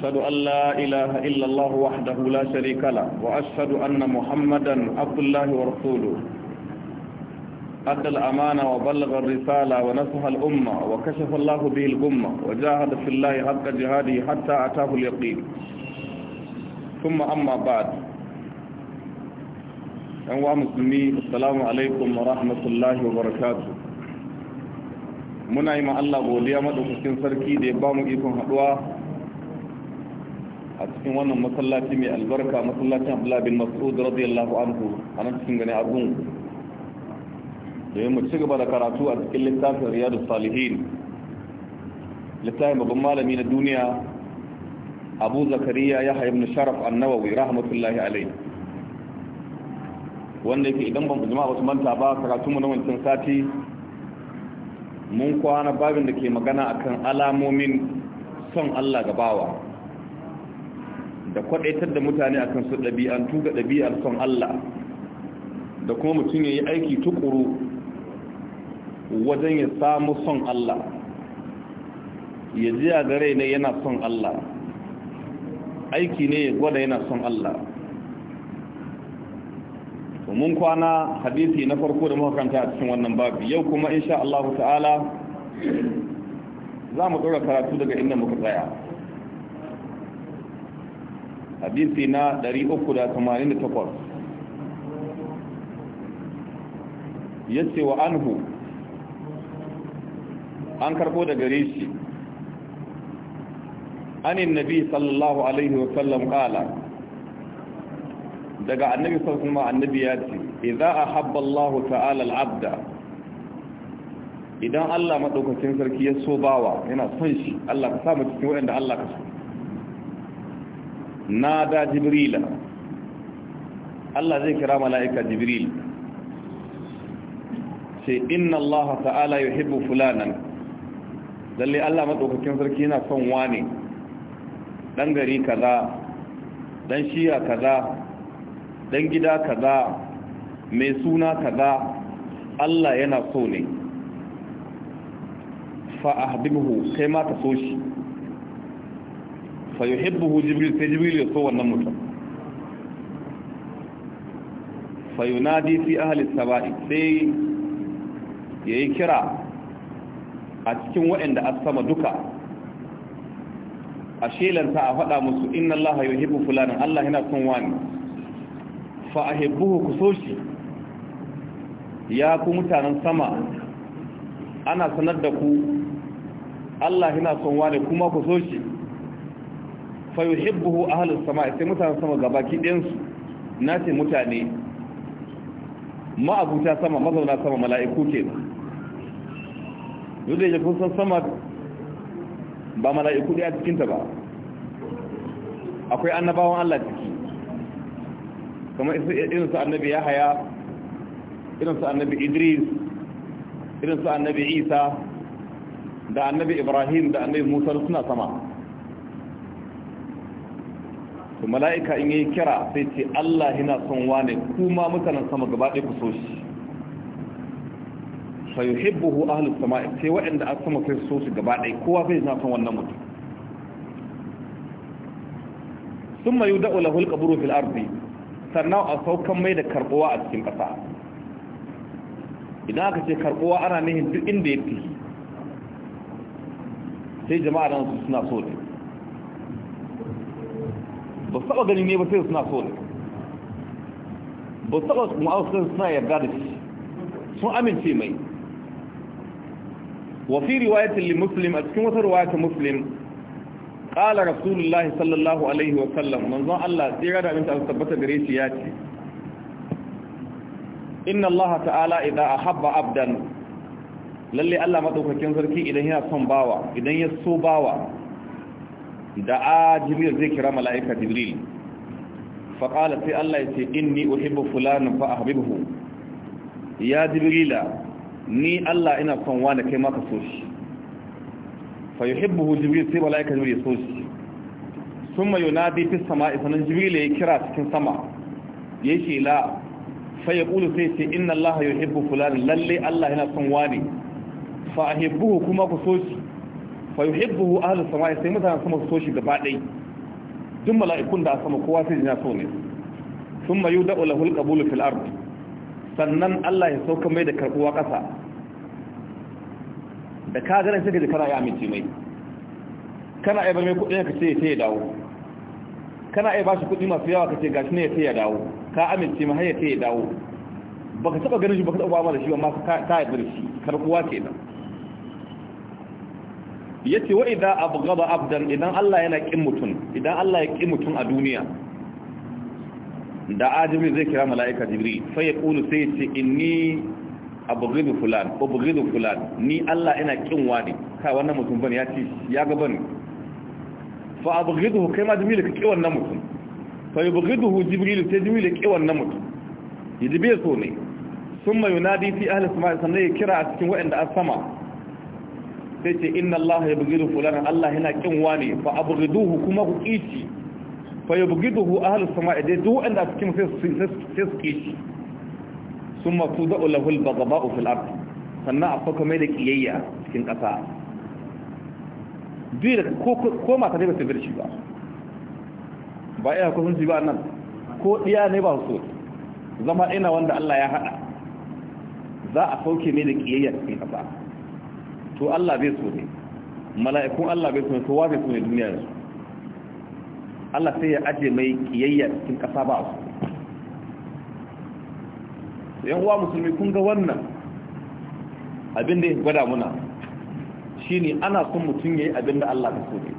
أشهد أن لا إله إلا الله وحده لا شريك له وأشهد أن محمدا عبد الله ورسوله أدى الأمانة وبلغ الرسالة ونصح الأمة وكشف الله به الغمة وجاهد في الله حق جهاده حتى أتاه اليقين ثم أما بعد أنواع مسلمين السلام عليكم ورحمة الله وبركاته muna yi ma Allah godiya madaukakin sarki da ya ba mu ikon haɗuwa a cikin wannan masallaci mai albarka masallacin abdullahi bin mas'ud radiyallahu anhu a nan cikin gane abun domin mu ci gaba da karatu a cikin littafin riyadu salihin littafin babban malami na duniya abu zakariya ya hayi ibn sharaf annawawi rahmatullahi alaihi wanda yake idan ban jama'a wasu manta ba karatu mu na wancan sati mun kwana babin da ke magana akan alamomin son Allah ga bawa da kwadaitar da mutane kan su ɗabi'antu ga ɗabi'ar son Allah da kuma mutum ya yi aiki tukuru wajen ya samu son Allah ya ji a gare ne yana son Allah aiki ne ya gwada yana son Allah mun kwana hadisi na farko da muka kanta a cikin wannan babu yau kuma insha Allah ta'ala za mu ɗora karatu daga inda muka tsaya hadisi na 388 ce wa anhu an karbo da gare shi anin nabi sallallahu alaihi wa sallam qala daga annabi sallallahu alaihi annabi ya ce idza ahabba Allah ta'ala al-abda idan Allah madaukakin sarki ya so bawa yana son shi Allah ka sa mu cikin wanda Allah ka so nada jibrila Allah zai kira mala'ika jibril ce inna Allah ta'ala yuhibbu fulanan lalle Allah madaukakin sarki yana son wane Ɗan gari kaza ɗan shiya kaza ɗan gida kaza mai suna kaza Allah yana so ne fa kai ma ka so shi fa jibril sai jibril ya so wannan mutum fa fi ahli sabai sai yayi kira a cikin waɗanda as-sama duka a shelanta a faɗa musu inna allaha yuhibbu fulanan allah yana son wani fa ahibbuhu kusoshi ya ku mutanen sama ana sanar da ku Allah yana son wani, kuma ku so shi fa a halin sama sai mutane sama gabaki ɗayan su nace mutane ma'abuta sama mazauna sama mala'iku kenan duk da yake san sama ba mala'iku ɗaya a cikinta ba akwai annabawan Allah ciki kamar irinsu annabi yahaya irinsu annabi idris irinsu annabi isa da annabi ibrahim da annabi musa suna sama to mala'ika in yayi kira sai ce Allah yana son wane kuma mutanen sama gaba ɗaya ku so shi fa yuhibbuhu ahlus sama'i ce waɗanda a sama sai so shi gaba ɗaya kowa sai na son wannan mutum summa yud'u lahu al-qabru fil ardi sannan a saukan mai da karbuwa a cikin ƙasa idan aka ce karbuwa ana nihin duk inda yake sai jama'a nan su suna so ne ba su taba gani ne ba sai suna so ne ba su taba mu'awar suna yarda da shi sun amince mai wafi riwayatin li muslim a cikin wata riwayatin muslim ƙala rasulullah sallallahu alaihi wa sallam manzon Allah tsira da aminta tabbata gare shi ya ce inna Allah ta'ala idan ahabba abdan lalle Allah madaukakin sarki idan yana son bawa idan ya so bawa da a ah, zai kira mala'ika jibril faƙala sai Allah ya ce inni uhibbu fulanin fa ahbibhu ya jibrila ni Allah ina son wani kai maka so shi fa yuhibbuhu jibril sai mala'ika jibril ya so shi summa yunadi fis sama'i sanan jibril ya kira cikin sama ya ce la fa yaqulu sai ce inna Allah ya yuhibbu fulanin lalle Allah ina son wani fa ahibbuhu kuma ku so shi fa yuhibbuhu ahlus samai sai mutanen sama su so shi gaba dai duk mala'ikun da a sama kowa sai jina so ne thumma yud'u lahu al-qabulu fil ard sannan Allah ya sauka mai da karbuwa ƙasa da ka ganin sai ka kana ya amince mai kana ba mai kudin ka ce ya ya dawo kana ba shi kudi masu yawa ka ce gashi ne ya ce ya dawo ka amince mai har ya ce ya dawo baka taba ganin shi baka taba ba da shi amma ka ta yi da shi karbuwa kenan yace wa abu gaba abdan idan Allah yana ƙin mutum idan Allah ya kin mutun a duniya da ajimi zai kira malaika fai ya ƙunu sai ce in ni inni abghidu fulan abghidu fulan ni Allah yana ƙin wani kai wannan mutum bane ya ci ya ga bane fa abghidu kai ma jibril ka ƙi wannan mutum fa yabghiduhu jibril sai jibril ya ƙi wannan mutum yajibe so ne summa yunadi fi ahli sama'i sannan ya kira a cikin waɗanda as-sama' sai ce inna Allah ya bugidu fulanin Allah yana kin wani fa abghiduhu kuma ku kici fa ya yabghiduhu ahlu sama'i dai duk wanda cikin sai sai su kici summa tudau lahu al-baghdha'u fil ard sannan akwai kuma da kiyayya cikin ƙasa duk da ko ko mata ne ba su birshi ba ba iya kusan ji ba nan ko diya ne ba so zama ina wanda Allah ya hada za a sauke ne da kiyayya cikin ƙasa. to Allah bai so ne mala'ikun Allah bai so ne to wa bai so ne duniya su Allah sai ya aje mai kiyayya cikin ƙasa ba su yan uwa musulmi kun ga wannan abin da ya gwada muna shine ana son mutum yayi abin da Allah ya so ne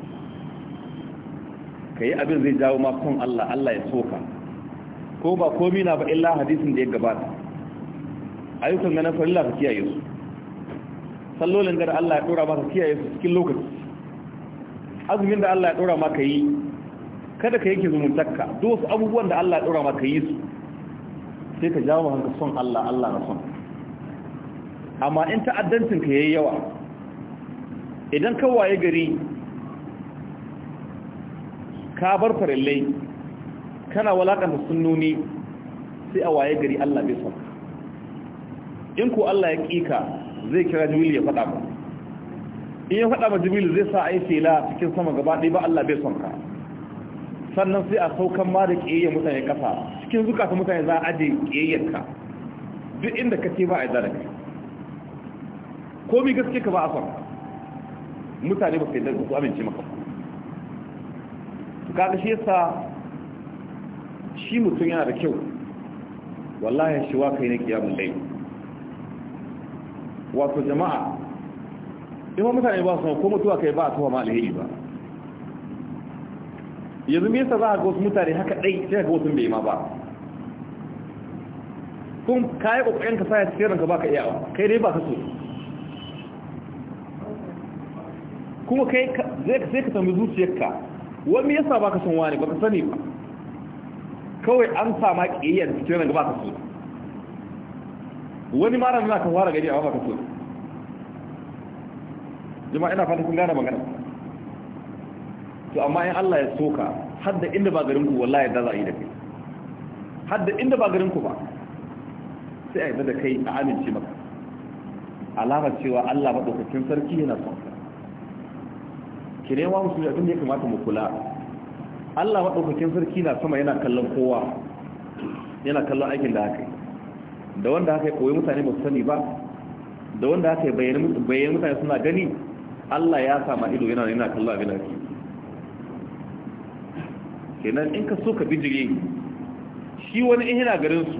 kai abin zai jawo ma son Allah Allah ya soka ko ba komai na ba illa hadisin da ya gabata ayyukan ganin farilla ka kiyaye su sallolin da Allah ya dora maka kiyaye su cikin lokaci azumin da Allah ya dora maka yi kada ka yake zumuntakka, duk wasu abubuwan da Allah ya dora maka yi su sai ka jawo hanka son Allah Allah na son amma in ta'addancin ka yayi yawa idan ka waye gari ka bar farillai kana walakanta sunnoni sai a waye gari Allah bai son in ko Allah ya kika zai kira jimili ya faɗa ba in ya faɗa ba jimili zai sa a yi fela cikin sama gaba ɗaya ba Allah bai son ka sannan sai a saukan ma da ƙiyayya mutane ƙasa cikin zukata mutane za a aje ƙiyayyar ka duk inda ka ce ba a yi zara kai komi gaske ka ba a son mutane ba sai yi ko amince maka su kaga shi yasa shi mutum yana da kyau wallahi shi wa kai ne kiyamun laifi wato jama'a in ma mutane ba su ko mutuwa kai ba a tuwa ma alheri ba yanzu me yasa za ga wasu mutane haka dai sai ga wasu bai ma ba kun kayi kokarin ka sai tsirin ka baka iyawa kai dai ba ka so kuma kai zai ka sai ka tambayi zuciyarka wani me yasa ka son wani ka sani ba kawai an sa ma kiyayen ba ka so wani mara na kan fara gari a wata kaso jama'a ina fata kun gane magana to amma in Allah ya soka hadda inda ba garin ku wallahi da za a yi da kai hadda inda ba garin ku ba sai a yi da kai a amince maka alamar cewa Allah madaukakin sarki yana son ka ki nema musu abin da ya kamata mu kula Allah madaukakin sarki na sama yana kallon kowa yana kallon aikin da aka yi da wanda haka ya koyi mutane ba su sani ba da wanda haka ya bayyana mutane suna gani Allah ya sama ido yana yana kallon abin ake kenan in ka so ka bijire shi wani in yana garin su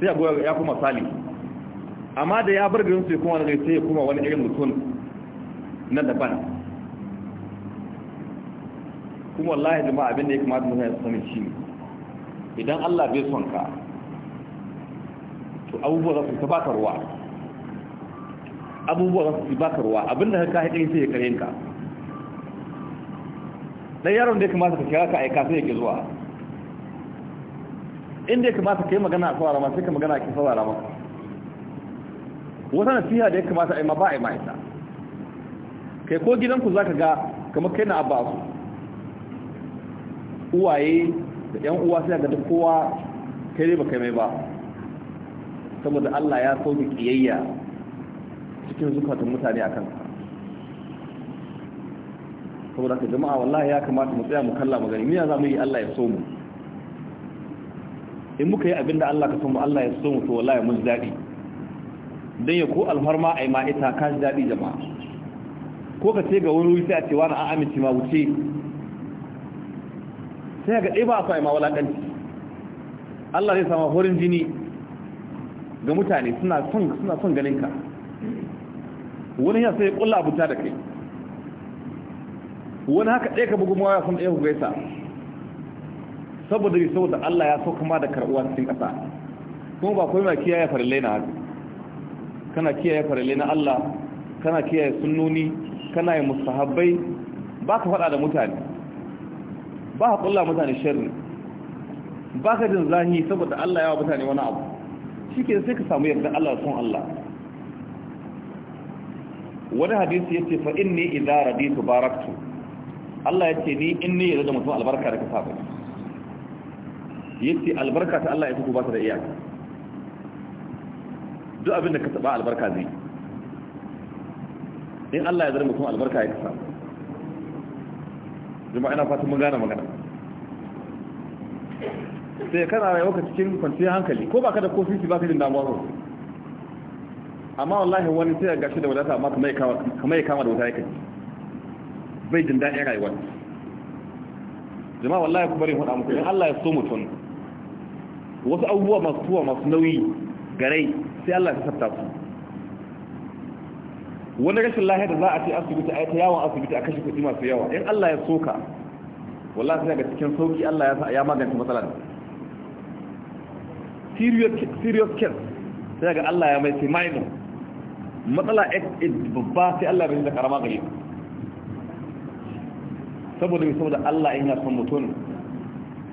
sai ya ya kuma sali amma da ya bar garin su ya kuma wani sai ya kuma wani irin mutum na daban kuma wallahi jama'a abin da ya kamata mutane su sani shi idan Allah bai son ka abubuwa za su baka ruwa abubuwa baka ruwa abinda ka haɗe sai ya kare ka dan yaron da ya kamata ka kira ka aika sai ya ke zuwa inda ya kamata ka yi magana a saurara masu ka magana a ke tsawara maka wata nasiha da ya kamata a yi ma ba a yi ma'aita kai ko gidanku za ka ga kamar kai na abba su uwaye da yan uwa sai ga duk kowa kai ne ba kai mai ba saboda Allah ya so da kiyayya cikin zukatun mutane a kansa saboda ka jama'a wallahi ya kamata mu tsaya mu kalla mu gani miya za mu yi Allah ya so mu in muka yi abinda Allah ka so mu Allah ya so mu to wallahi mun daɗi dan ya ko alfarma ai ma ita ka ji daɗi jama'a ko ka ce ga wani wuri sai a ce wani an amince ma wuce sai ga ɗaya ba a so ai ma Allah zai sama horin jini ga mutane suna son suna son ganin ka wani yana sai kulla abuta da kai wani haka ɗaya ka bugu mawaya sun ɗaya ku gaisa saboda yi saboda Allah ya so kama da karɓuwa cikin ƙasa kuma ba kawai ma kiyaye farillai na haka kana kiyaye farillai na Allah kana kiyaye sunnoni kana yi musahabbai ba ka faɗa da mutane ba ka kulla mutane sharri ba ka jin zahi saboda Allah ya wa mutane wani abu shi ke sai ka samu yadda Allah sun Allah wani hadisi ya ce fa'in ne idan raditu baraktu Allah ya ce ni in ne yarda da mutum albarka da ka saba ya ce albarka ta Allah ya tuku ba ta da iyaka duk abinda da ka taɓa albarka zai in Allah ya zara mutum albarka ya ka saba jama'a ina fatan mun gane magana sai kana rayuwa cikin kwanciyar hankali ko baka da kofi ba ka jin damuwa ko amma wallahi wani sai ya gashi da wadata amma kamar ya kama da wata yake bai jin daɗin rayuwa jama'a wallahi ku bari hudu muku in Allah ya so mutum wasu abubuwa masu tuwa masu nauyi gare sai Allah ya sabta su wani rashin lahiya da za a ce asibiti a ta yawon asibiti a kashe kuɗi masu yawa in Allah ya soka wallahi sai ga cikin sauki Allah ya magance matsalar serious case sai ga Allah ya mai sai minor matsala babba sai Allah bai da karama gare saboda mai saboda Allah in ya san mutum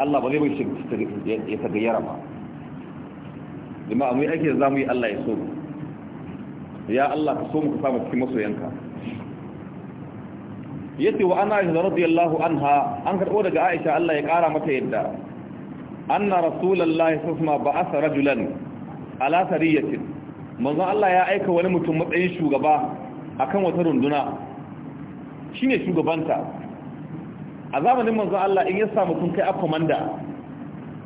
Allah ba zai bai shi ya tagayyara ba amma amma yake za mu yi Allah ya so ya Allah ka so mu ka samu cikin masoyanka yadda wa ana Aisha radiyallahu anha an karbo daga Aisha Allah ya ƙara mata yadda anna rasulullahi sufma ba'atha rajulan ala sariyatin manzo Allah ya aika wani mutum matsayin shugaba akan wata runduna shine shugabanta a zamanin manzo Allah in ya samu mutum kai a komanda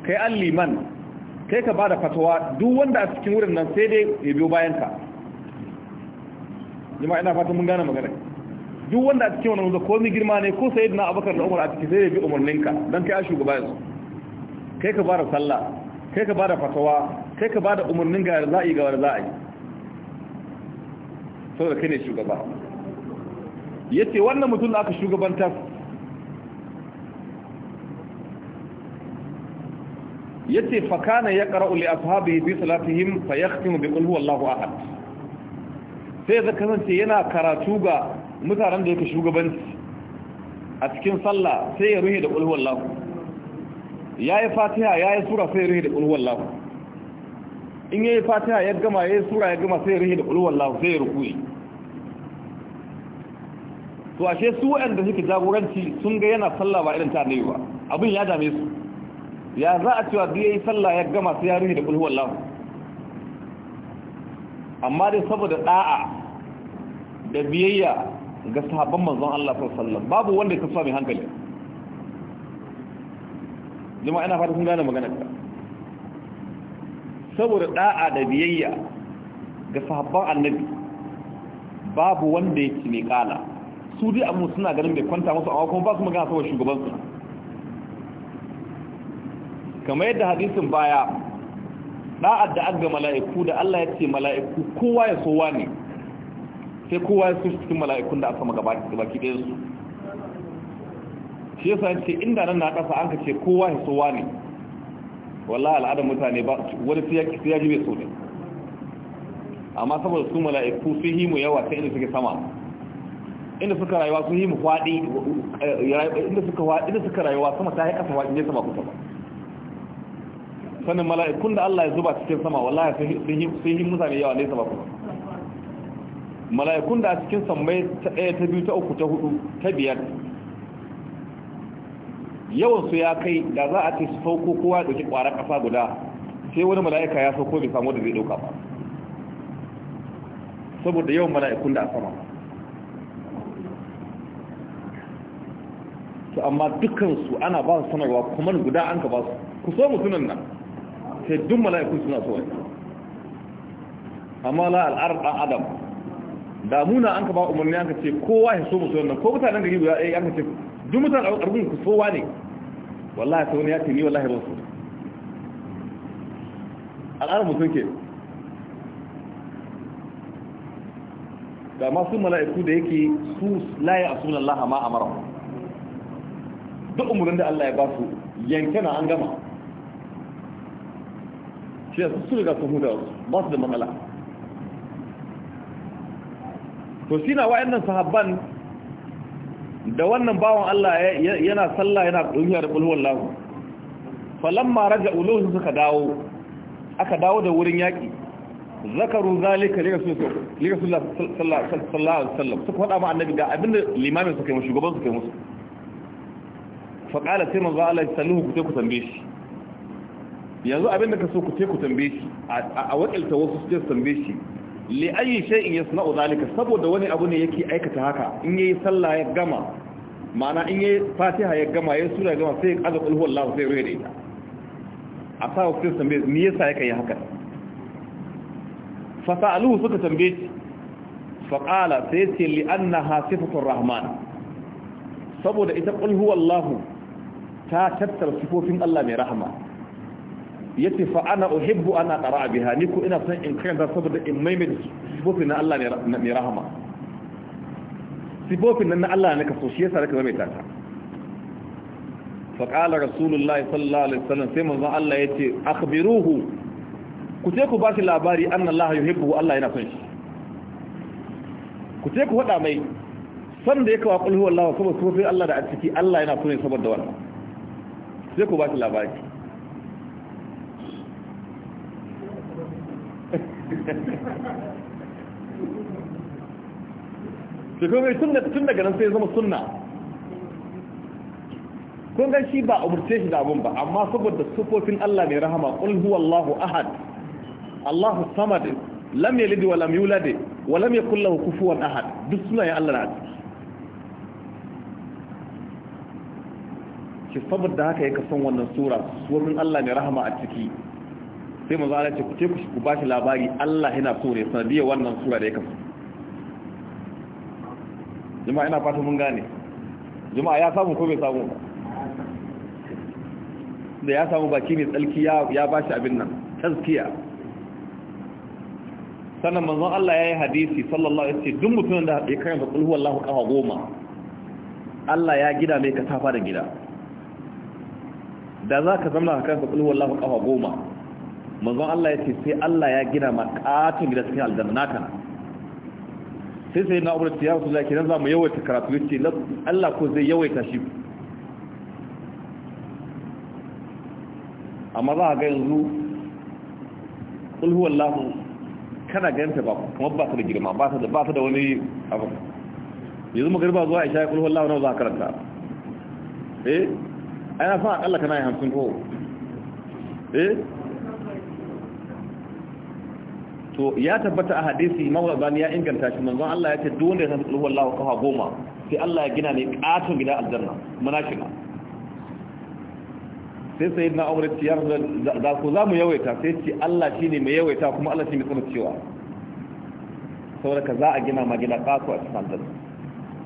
kai an liman kai ka bada fatawa duk wanda a cikin wurin nan sai dai ya biyo ka jama'a ina fatan mun gane magana duk wanda a cikin wannan ko ni girma ne ko sayyidina abubakar da umar a cikin sai ya bi umarninka dan kai a shugaba yanzu kai ka bada sallah kai ka bada fatawa kai ka bada umarnin ga za'i ga za'i saboda kai ne shugaba yace wannan mutum da aka shugabanta yace fa kana yaqra'u li ashabihi bi salatihim fa yakhtimu bi qul huwallahu ahad sai da kasance yana karatu ga mutanen da yake shugabanci a cikin sallah sai ya ruhe da qul huwallahu ya yi fatiha ya yi sura sai ya rihe da ƙulhuwar lahu in ya yi fatiha ya gama ya yi sura ya gama sai ya rihe da ƙulhuwar lahu sai ya rukuyi to ashe su waɗanda suke jagoranci sun ga yana sallah ba irin ta ne ba abin ya dame su ya za a cewa duk yi sallah ya gama sai ya rihe da ƙulhuwar lahu amma dai saboda da'a da biyayya ga sahabban manzon Allah sallallahu alaihi wasallam babu wanda ya kasa mai hankali jama'a ina fata sun gane maganar ka saboda da'a da biyayya ga sahabban annabi babu wanda ya ci ne kala su dai amma suna ganin bai kwanta musu amma kuma ba su magana saboda shugaban su kamar yadda hadisin baya da'a da ga mala'iku da Allah ya ce mala'iku kowa ya sowa ne sai kowa ya so cikin mala'ikun da aka magabaki su. shi yasa ce inda nan na kasa an kace ce kowa ya sowa ne wallahi al'adar mutane ba wani sai ya ji bai so ne amma saboda su mala'iku sun yi mu yawa sai inda suke sama inda suka rayuwa sun yi mu kwadi inda suka inda suka rayuwa sama ta yi kasa wa inda sama kusa ba sanin mala'ikun da Allah ya zuba cikin sama wallahi sun yi mutane yawa ne sama kusa mala'ikun da a cikin sammai ta ɗaya ta biyu ta uku ta hudu ta biyar yawan su ya kai da za a ce su sauko kowa dauki kwara kasa guda sai wani mala'ika ya sauko bai samu da zai dauka ba saboda yawan mala'ikun da a sama to amma dukansu ana ba su sanarwa kuma guda an ka ba su ku so mutunan nan sai duk mala'ikun suna so wani amma la al'ar ɗan adam damuna an ka ba umarni an ka ce kowa ya so mutunan nan ko mutanen gari guda ɗaya an ka ce duk mutan a ƙarfin ku sowa ne wallahi ta wani ya ce ni wallahi ban so al'adar mutum ke ga masu mala'iku da yake su laye a sunan laha ma a mara duk umarnin da Allah ya ba su yanke na an gama shi da su riga sun huda ba su da matsala to shi na wa'annan sahabban da wannan bawan Allah yana sallah yana duniya da bulwal lahu falamma raja uluhu suka dawo aka dawo da wurin yaki zakaru zalika liga rasulullah sallallahu alaihi wasallam suka faɗa ma annabi ga abinda limamin suka yi musu shugaban suka yi musu fa qala sai manzo Allah sallahu ku ku tambaye shi yanzu abinda ka so ku ku tambaye shi a wakilta wasu su tambaye shi li ayi shay'in yasna'u zalika saboda wani abu ne yake aikata haka in yayi sallah ya gama ma'ana in yayi fatiha ya gama yayi sura ya gama sai ya qul huwallahu sai ruwa da a sa ku tambaye ni yasa yake yi haka fa sa'aluhu suka tambaye shi fa qala sai ce li annaha sifatu rahman saboda ita qul huwallahu ta tattar sifofin Allah mai rahama yace fa ana uhibbu ana qara'a biha ni ko ina son in karanta saboda in maimaita sifofin na Allah ne rahama sifofin na Allah ne ka so shi yasa naka maimaita ta fa qala rasulullahi sallallahu alaihi wasallam sai manzon Allah yace akhbiruhu ku ce ku ba shi labari anna Allah yuhibbu Allah yana son shi ku ce ku faɗa mai san da ya kawo kulhu Allah saboda sifofin Allah da a ciki Allah yana son shi saboda wannan sai ku ba shi labari da kuma tun daga nan sai zama sunna kun gan shi ba a umurce shi da abun ba amma saboda sufofin Allah mai rahama huwa Allahu ahad Allahu samad lam yalid wa lam yulad wa lam yakul lahu kufuwan ahad duk suna ya Allah na shi saboda haka yake son wannan sura sunan Allah mai rahama a ciki sai manzo Allah ce ku ce ku ba shi labari Allah yana so ne sanadiyar wannan sura da ya kafa jama'a ina fata mun gane jama'a ya samu ko bai samu da ya samu baki ne tsalki ya ba shi abin nan tazkiya sannan manzon Allah ya yi hadisi sallallahu alaihi wasallam duk mutumin da ya karanta qul wallahu kafa goma Allah ya gida mai kasafa da gida da za ka zama ka karanta qul wallahu kafa goma manzon Allah ya ce sai Allah ya gina ma katin gida cikin aljanna naka na sai sai na aure ya rasu ke nan za mu yawaita karatu yace ce Allah ko zai yawaita shi amma za a ga yanzu ƙulhuwan lahu kana ganta ba kuma ba ta da girma ba ta da wani abu yanzu magarba zuwa isha kul ƙulhuwan nawa na za karanta eh ana fa akalla kana yi hamsin ko eh to ya tabbata a hadisi mawazan ya inganta shi manzon Allah ya ce dole ya san wallahu kafa goma sai Allah ya gina ne katon gida aljanna munafina sai sai na aure ce da ku za mu yawaita sai ce Allah shine mai yawaita kuma Allah shine mai cewa saboda ka za a gina ma gida kato a cikin aljanna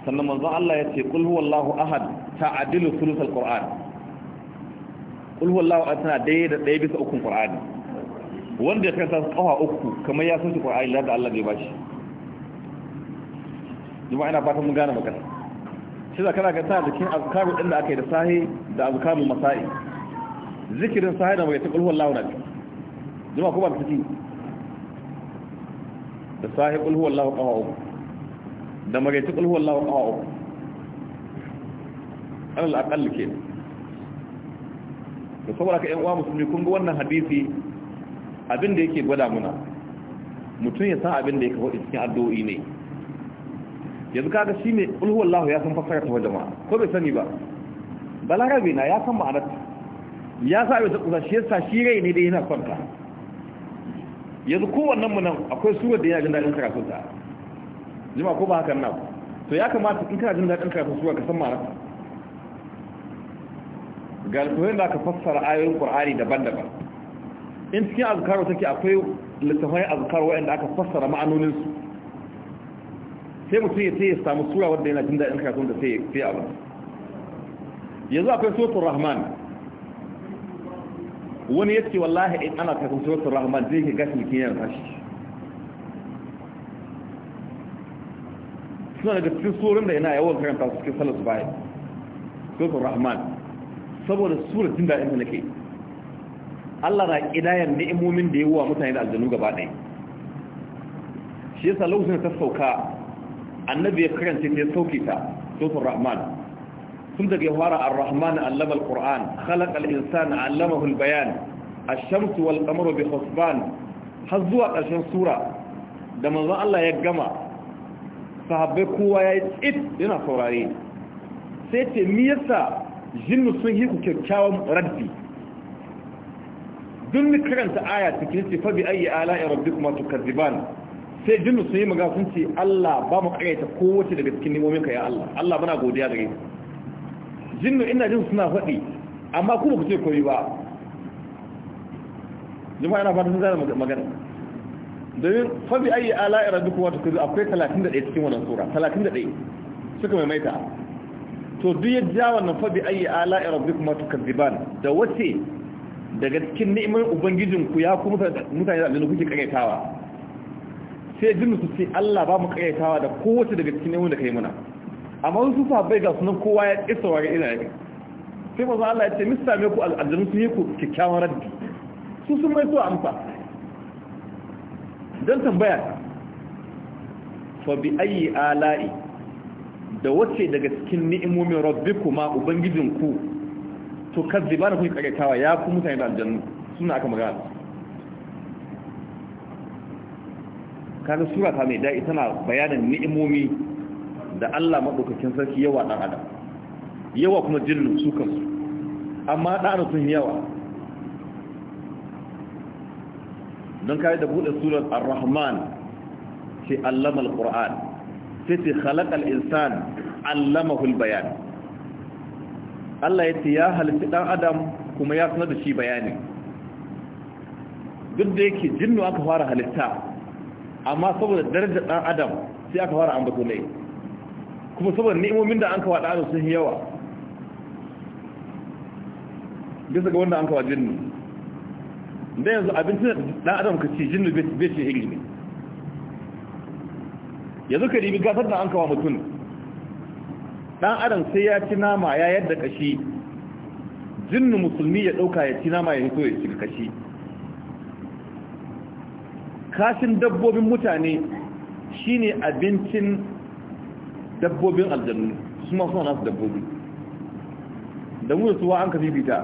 sannan manzon Allah ya ce kul huwallahu ahad ta'dilu thuluth alquran kul huwallahu ahad tana daidai da ɗaya bisa ukun qur'ani wanda ya kanta tsawa uku kamar ya san shi ayyar da Allah bai bashi jama'a ina fatan mun gane magana shi ka kana ga ta jikin kin azkaru da aka yi da sahi da azkaru masai zikirin sahi da mai tukul kulhu na jama'a kuma da suke da sahi kul Allahu kawa uku da mai tukul kulhu kawa qawa uku alal aqall kenan da saboda ka ƴan uwa musulmi kun ga wannan hadisi abin da yake gwada muna mutum ya san abin da ya faɗi cikin addu'o'i ne yanzu kaga shi ne ulhuwallahu ya san fassara ta jama'a ko bai sani ba balarabe na ya san ma'anar ya sa abin da kusa shi yasa shi rai ne da yana kwanta yanzu kowannen mu nan akwai surar da yana jin daɗin karatun ta jima ko ba hakan nan to ya kamata in kana jin daɗin karatun surar ka san ma'anar ga alkuhin da aka fassara ayoyin qur'ani daban-daban in cikin azkaru take akwai littafai azkaru waɗanda aka fassara ma'anoninsu sai mutum ya ya samu sura wadda yana jin daɗin karatun da sai ya abin yanzu akwai suratul rahman wani ya ce wallahi in ana karatun suratul rahman zai ke gashi mutum yana tashi suna daga cikin surin da yana yawan karanta su cikin salas baya suratul rahman saboda surar jin daɗin da nake yi Allah na kidayan ni'imomin da ya wa mutane da aljanu gaba ɗaya shi yasa lokacin ta sauka annabi ya karanta ta sauke ta sautar rahman sun daga ya fara ar-rahman allama al-qur'an khalaqa al-insana allamahu al-bayan ash-shamsu wal-qamaru bi husban har zuwa ƙarshen sura da manzon Allah ya gama sahabbai kowa ya yi tsit yana saurari. sai ce mi yasa jinnu sun ku kyakkyawan raddi duk ni karanta aya cikin ce fa bi ayi ala rabbikum tukazziban sai jinnu sun yi maga sun ce Allah ba mu ko kowace daga cikin nimomin ka ya Allah Allah muna godiya gare ka jinnu ina jin suna faɗi amma kuma ku ce koyi ba jama'a ina sun zai magana domin fa bi ayi ala'i rabbikuma tukazziban akwai 31 cikin wannan sura 31 suka maimaita to duk ya ja wannan fa bi ayi ala'i rabbikuma tukazziban da wace daga cikin ni'imar ubangijinku ya ku mutane da kuke karyatawa sai jin su ce Allah ba mu karyatawa da kowace daga cikin ni'imar da ka yi muna amma wasu sufa bai ga sunan kowa ya isa wa ina ya sai manzo Allah ya ce mis same ku aljanu su yi ku kyakkyawan raddi su sun mai zuwa amsa don tambaya fa bi ayi ala'i da wace daga cikin ni'imomin rabbikuma ubangijinku to kazziba da kuke kagaitawa ya fi mutane da aljannu suna aka magana kaga sura ta mai da'i tana bayanin ni'imomi da Allah maɗaukakin sarki yawa ɗan adam yawa kuma jinnu su kansu amma dan sun yawa don kayi da buɗe surar ar-rahman sai allama al-qur'an sai ce khalaqa al-insan allama al-bayan Allah ya ce ya halitta dan adam kuma ya sanar da shi bayani duk da yake jinnu aka fara halitta amma saboda darajar dan adam sai aka fara ambato ne kuma saboda ni'imomin da an kawo dan adam sun yawa bisa ga wanda an kawo jinnu dan yanzu abinci da dan adam ka ci jinnu bai ce hilimi yanzu ka ribi gasar da an kawo mutum dan adam sai ya ci nama ya yadda kashi jinnu musulmi ya dauka ya ci nama ya hito ya ci kashi kashin dabbobin mutane shine abincin dabbobin aljannu su ma suna nasu dabbobi da mu da suwa an kafi bita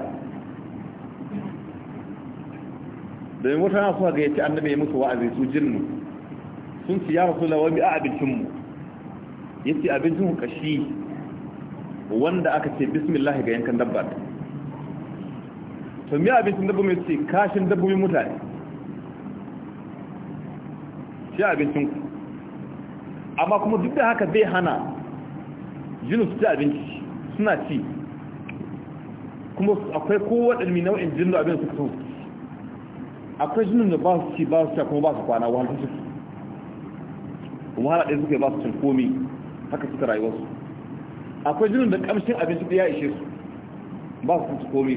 da yi wata nasu ga ya ci annabi ya musu wa'azi su jinnu sun ci ya rasu lawa a abincinmu ya abincin kashi wanda aka ce bismillah ga yankan dabba to me abincin dabba mai ce kashin dabbobin mutane shi abincin ku amma kuma duk da haka bai hana jinu su ci abinci suna ci kuma akwai mai nau'in da abin su son akwai jinin da ba su ci ba su ci kuma ba su kwana wahalar su hana ɗaya suke ba su cin komi haka suka rayuwarsu akwai jinin da kamshin abinci da ya ishe su ba su ci komi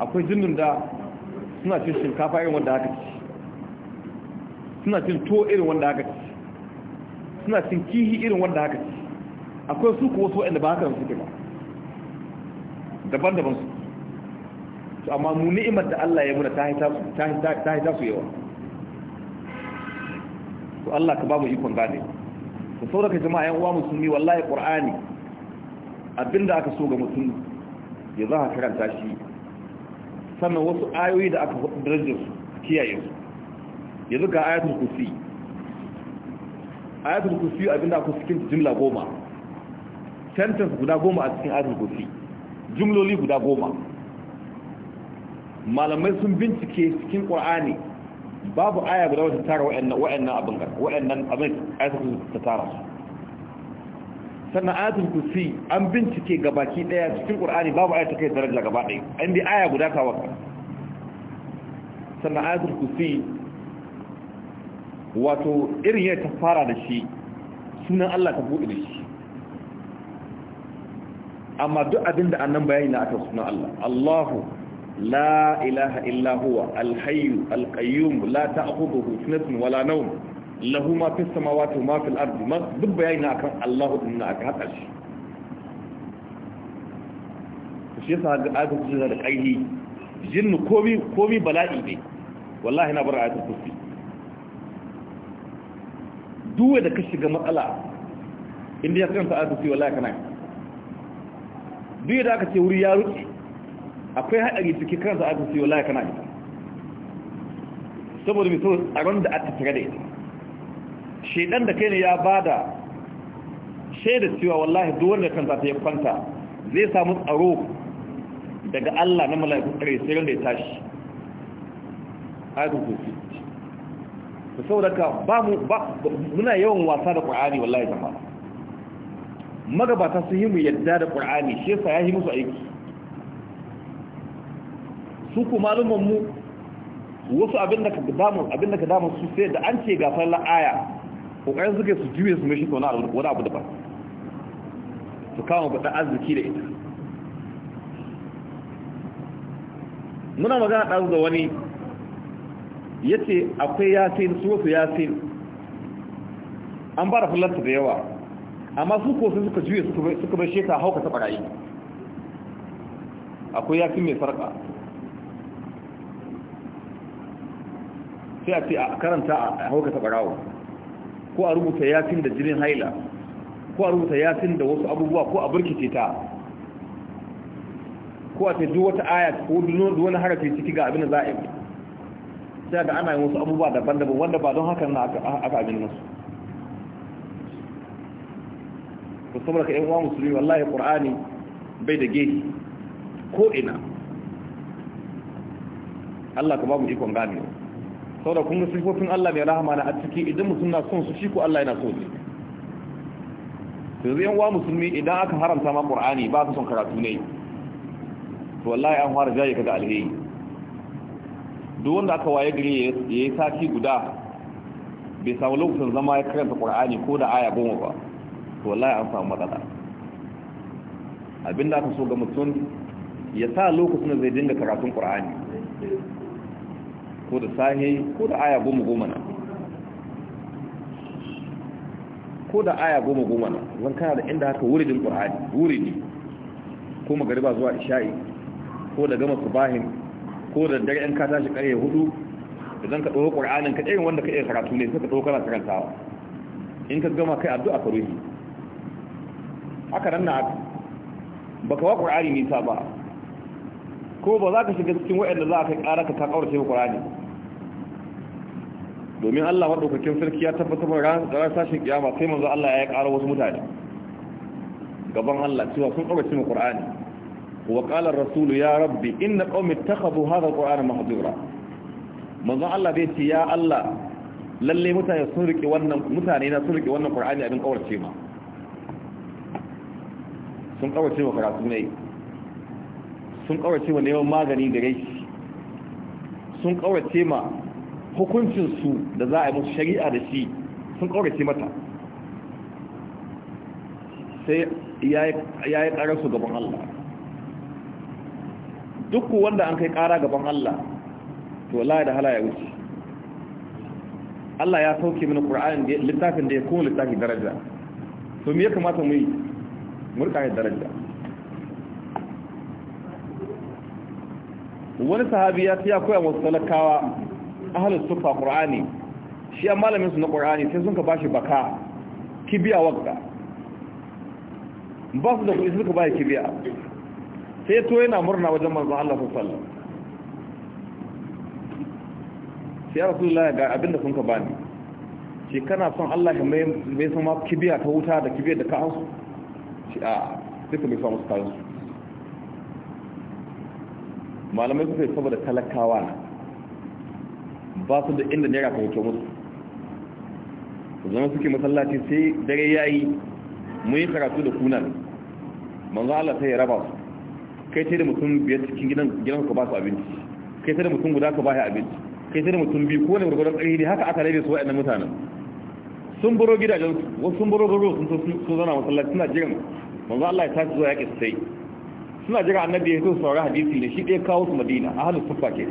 akwai jinin da suna cin shinkafa irin wanda aka ci suna cin to irin wanda aka ci suna cin kihi irin wanda aka ci akwai su kuwa su wa'anda ba haka suke ba daban-daban su to amma mu ni'imar da Allah ya muna ta haita su yawa to Allah ka ba mu ikon gane ku ka jama'a yan uwa musulmi wallahi qur'ani abinda aka so ga mutum ya za ka karanta shi sannan wasu ayoyi da aka darajar su kiyaye su yanzu ga ayatul kursi ayatul kursi abinda aka cikin jumla goma sentence guda goma a cikin ayatul kursi jumloli guda goma malamai sun bincike cikin qur'ani babu aya guda wata tara wa'annan abin wa'annan abin ayatul ta tara su sannan ayatul kursi an bincike gabaki daya cikin qur'ani babu aya ta kai daraja gaba daya an bi aya guda ta wata sannan ayatul kursi wato irin ya ta fara da shi sunan Allah ta bude da shi amma duk abin da annan bayani na aka sunan Allah Allahu لا إله إلا هو الحي القيوم لا تأخذه سنة ولا نوم له ما في السماوات وما في الأرض ما ضب يعينا أكرم الله إننا أكرم هذا الشيء الشيء صار آية الكرسي هذا أيه جن كومي كومي بلائي بي والله أنا برا آية الكرسي دوه da ka shiga matsala inda ya kanta azuci wallahi kana duk da aka ce wuri ya rufe akwai haɗari ciki kansa aka siyo laye kana ita saboda mai so tsaron da aka tare da ita shaidan da kai ne ya ba da shaidar cewa wallahi duk wanda kansa ta yi kwanta zai samu tsaro daga Allah na mala'ikun tsare sai da ya tashi ayatul kursi to saboda ka ba mu ba muna yawan wasa da qur'ani wallahi jama'a magabata su yi mu yadda da qur'ani shi yasa ya yi musu aiki su ku malumman mu wasu abin da ka damu abin da ka damu su sai da an ce ga farla aya kokarin suke su juye su mishi kona wani abu daban su kama kudin arziki da ita muna magana ɗazu da wani ya ce akwai yasin su wasu yasin an ba da fulanta da yawa amma su ko sai suka juye suka bai sheka hauka ta ɓarayi akwai yasin mai farka sai a ce a karanta a hauka ta barawo ko a rubuta yasin da jirin haila ko a rubuta yasin da wasu abubuwa ko a burkice ta ko a taji wata aya ko wani harafi ciki ga abin da za a yi sai da ana yin wasu abubuwa daban-daban wanda ba don haka na aka abin nasu to saboda ka yan uwa musulmi wallahi qur'ani bai da gehi ko ina Allah ka ba mu ikon ganewa saboda kun ga sifofin Allah mai rahama na a ciki idan mutum na son su shi ko Allah yana so ne yanzu yan wa musulmi idan aka haramta ma Qur'ani ba su son karatu ne to wallahi an fara jaye kaga alheri duk wanda aka waye gari ya yi sati guda bai samu lokacin zama ya karanta Qur'ani ko da aya goma ba to wallahi an samu matsala abinda aka so ga mutum ya sa lokacin da zai dinga karatun Qur'ani ko da sahe ko da aya goma goma na ko da aya goma goma na zan kana da inda haka wuridin ƙwar'ani wuridi ko magariba zuwa isha'i ko da gama subahin ko da dare in ka tashi ƙarfe hudu idan ka ɗauka ƙwar'anin ka irin wanda ka iya karatu ne sai ka ɗauka na karantawa in ka gama kai addu'a ka ruhi haka nan na haka baka wa qur'ani nisa ba ko ba za ka shiga cikin wa'anda za ka ƙara ka ta ƙaurace wa ƙwar'ani domin Allah madaukakin sarki ya tabbatar da ranar sashin kiyama sai manzo Allah ya ƙara wasu mutane gaban Allah cewa sun kaurace mu Qur'ani wa qala ar-rasulu ya rabbi inna qaumi ittakhadhu hadha al-qur'ana mahdura manzo Allah bai ce ya Allah lalle mutane sun rike wannan mutane na sun rike wannan Qur'ani abin kaurace ma sun kaurace mu karatu ne sun kaurace wa neman magani da shi sun kaurace ma hukuncinsu da za a yi musu shari'a da shi sun kaurace mata sai ya yi ƙararsu gaban Allah duk wanda an kai ƙara gaban Allah to la da hala ya wuce Allah ya sauke mini Qur'anin littafin da ya kuma littafi daraja to me ya kamata mu yi murka daraja wani sahabi ya tiya koya masu talakawa ahalus sufa qur'ani shi an malamin su na qur'ani sai sun ka bashi baka kibiya wagga ba su da kuɗi suka bashi kibiya sai to yana murna wajen manzo Allah sallallahu alaihi wasallam sai rasulullahi ga abinda sun ka bani shi kana son Allah ya mai sama kibiya ta wuta da kibiya da ka shi a duka bai samu su su malamai su saboda talakawa na ba su da inda nera ka hoto musu su zama suke masallaci sai dare ya yi mun yi karatu da kunan manzo Allah sai ya raba su kai sai da mutum biyar cikin gidan gidan ka ba su abinci kai sai da mutum guda ka ba ya abinci kai sai da mutum biyu ko ne gurgurdan ƙarfi ne haka aka rabe su waɗannan mutanen sun buro gidajen wasu sun buro garo sun sun zana masallaci suna jiran manzo Allah ya tashi zuwa yaƙi sai suna jira annabi ya su saurari hadisi ne shi ɗaya kawo su madina halin suffa ke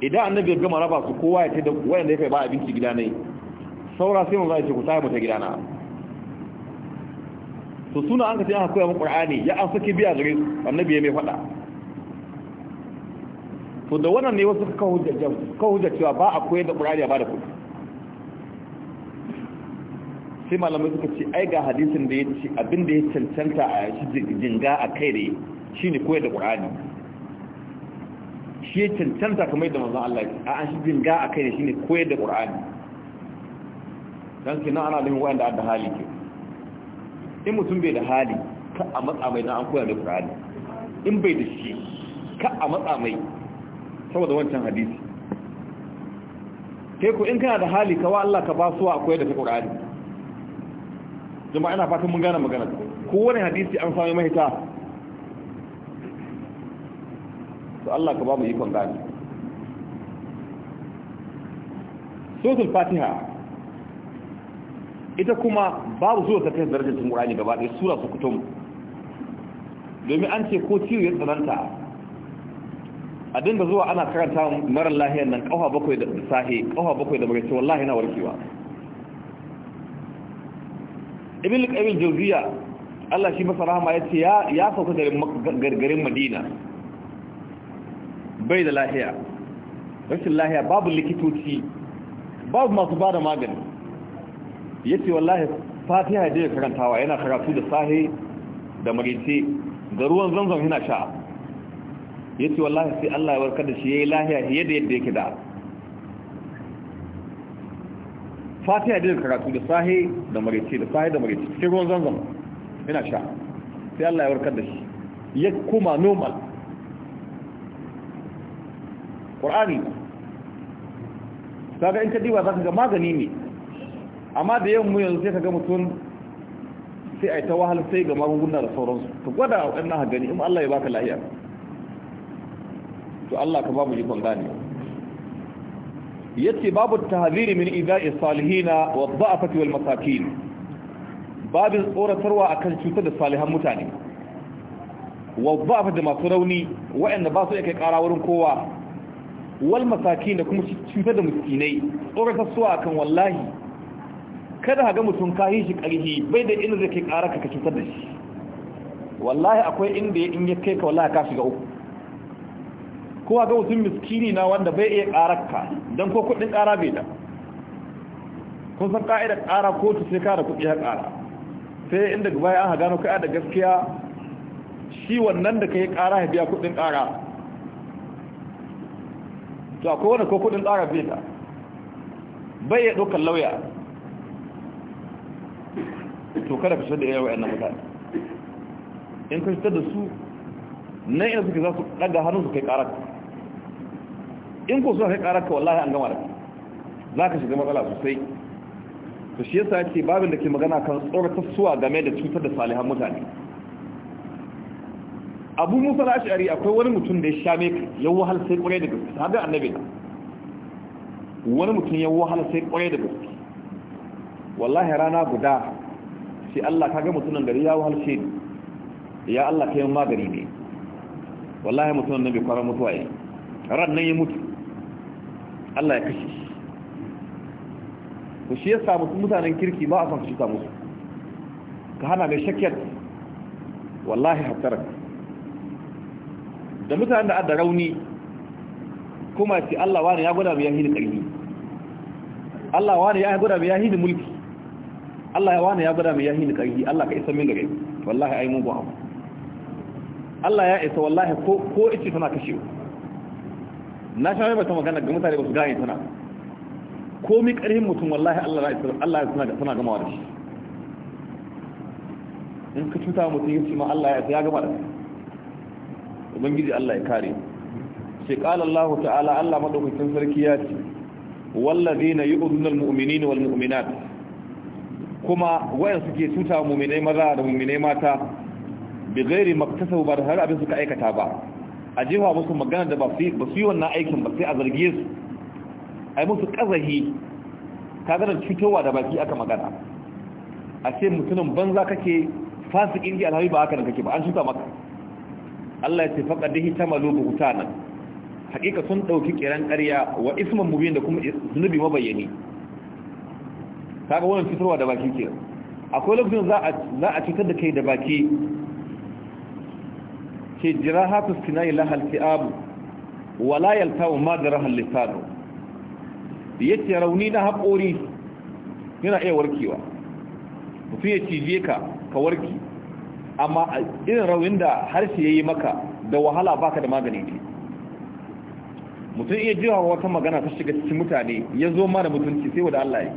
idan annabi ya gama raba su kowa ya tada wanda ya kai ba abinci gida ne saura sai mun za ce ku sai mu ta gida na to suna an ka ce aka koya mu qur'ani ya an saki biya gare su annabi ya mai fada to da wannan ne wasu ka hujja ka hujja cewa ba a koyar da qur'ani ba da kuɗi sai malamai suka ce ai ga hadisin da ya ce abinda ya cancanta a shi jinga a kai da shine koyar da qur'ani shi ya cancanta kamar da mazan Allah a an shi ga a kai ne shine koyar da Qur'ani ke nan ana da wanda da hali ke in mutum bai da hali ka a matsa mai na an koya da Qur'ani in bai da shi ka a matsa mai saboda wancan hadisi teku ko in kana da hali ka wa Allah ka ba suwa koyar da Qur'ani jama'a ina fatan mun gane magana ko wani hadisi an samu mahita to Allah ka ba mu ikon gani suratul fatiha ita kuma babu zuwa ta kai darajar tun qur'ani gaba ɗaya sura su kutum domin an ce ko ciwo ya tsananta a dinga zuwa ana karanta marar lahiyar nan kawo bakwai da sahi kawo bakwai da magance wallahi na warkewa ibn al-qayyim jawziya Allah shi masa rahama yace ya ya sauka garin garin Madina bai da lahiya rashin lahiya babu likitoci babu masu ba da magani ya ce wallahi fatiha da karantawa yana karatu da sahi da marice ga ruwan zanzan yana sha ya ce wallahi sai Allah ya warkar da shi ya yi lahiya fiye da yadda yake da fatiha da karatu da sahi da marice da sahi da marice cikin ruwan zanzan yana sha sai Allah ya warkar da shi ya kuma normal ƙur'ani kaga in ka diba za ka ga magani ne amma da yawan mu yanzu sai ka ga mutum sai a yi ta wahala sai ga magunguna da sauransu ka gwada a waɗannan gani in Allah ya baka lahiya to Allah ka ba mu ikon gane yace babu tahziri min ida'i salihina wa dha'afati wal masakin babin tsoratarwa akan cutar da salihan mutane wa dha'afati masu rauni waɗanda ba su iya kai ƙara wurin kowa wal masaki da kuma cutar da muskinai tsoratar suwa akan wallahi kada haga mutum kayi shi ƙarfi bai da inda zai kai ƙara ka cutar da shi wallahi akwai inda ya in ya kai ka wallahi ka shiga uku ko ga mutum miskini na wanda bai iya ƙarar ka don ko kuɗin ƙara bai da kun san ƙa'idar ƙara kotu sai ka da kuɗi ya ƙara sai inda gaba ya an gano kai da gaskiya shi wannan da ka yi ƙara ya biya kuɗin ƙara to akwai wani ko kudin tsara bai ta bai ya ɗaukar lauya to kada ka da yawa yana mutane in ka shitar da su nan ina suke za su daga hannun su kai ƙarar in ko suna kai ƙarar ka wallahi an gama da za ka shiga matsala sosai to shi yasa ce babin da ke magana kan tsoratar suwa game da cutar da salihan mutane abu musa na ashari akwai wani mutum da ya sha mai ya wahal sai kwarai da gaske har da annabi wani mutum ya wahal sai kwarai da gaske wallahi rana guda sai Allah kaga mutumin gari ya wahal shi ya Allah kai magani ne wallahi mutumin nan bai fara mutuwa ya ran nan ya mutu Allah ya kashe shi ya shi mutanen kirki ba a san su samu ka hana mai shakkiyar wallahi hattarar da mutanen da adda rauni kuma ce Allah wani ya gwada mu ya hidi ƙarfi Allah wani ya gwada mu ya mulki Allah wani ya gwada mu ya hidi ƙarfi Allah ka isa min gare wallahi ai mun abu Allah ya isa wallahi ko ko ice tana kashewa na sha ba ta magana ga mutane ba su gane tana ko mi ƙarfin mutum wallahi Allah ya isa Allah ya tana gama da shi in ka cuta mutum yace ma Allah ya isa ya gama da shi ubangiji Allah ya kare shi qala Allah ta'ala Allah madaukakin sarki ya ce wallazina yu'dhuna almu'minina walmu'minat kuma wayan suke tuta mu'minai maza da mu'minai mata bi ghairi maktasabu ba har abin suka aikata ba a jefa musu magana da ba su yi wannan aikin ba sai a zarge su Ai musu kazahi ka gana cutowa da baki aka magana a ce mutumin banza kake fasikin ji alhari ba haka da kake ba an shuka maka Allah ya ce faqad dihi tamalu malu hakika sun ɗauki ƙiran ƙarya wa isman mubin da kuma zunubi mabayyani kaga wannan fitowa da baki ke akwai lokacin za a cutar da kai da baki ce jira sinai suna yi lahal fi'abu wala yaltawo ma da rahal lissano yace rauni na haƙori yana iya warkewa mutum ya cije ka ka warke amma irin rawin da harshe ya yi maka da wahala baka da magani ne mutum iya jiwa wata magana ta shiga cikin mutane ya zo mara mutunci sai wada Allah ya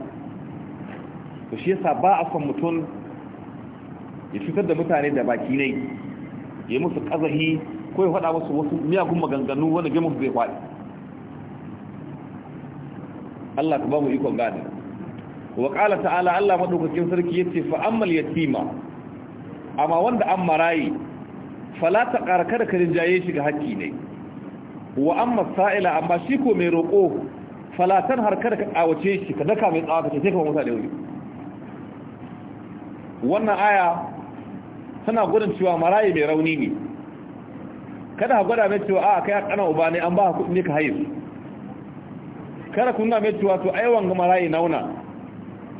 to shi yasa ba a son mutum ya cutar da mutane da baki ne ya yi musu kazahi ko ya faɗa musu wasu miyagun maganganu wanda gemu zai faɗi Allah ka ba mu ikon gane wa ta'ala Allah madaukakin sarki yace fa ammal yatima amma wanda an marayi falata karkar karin jaye shi ga haƙƙi ne wa amma sa'ila amma shi ko mai roƙo falatan harkar ka kawace shi ka daka mai tsawa ka ce sai ka wuri wannan aya tana gudun cewa marayi mai rauni ne kada ka gwada mai cewa a kai a kana uba ne an ba kuɗi ne ka haihu kada kuna mai cewa to aiwan ga marayi nauna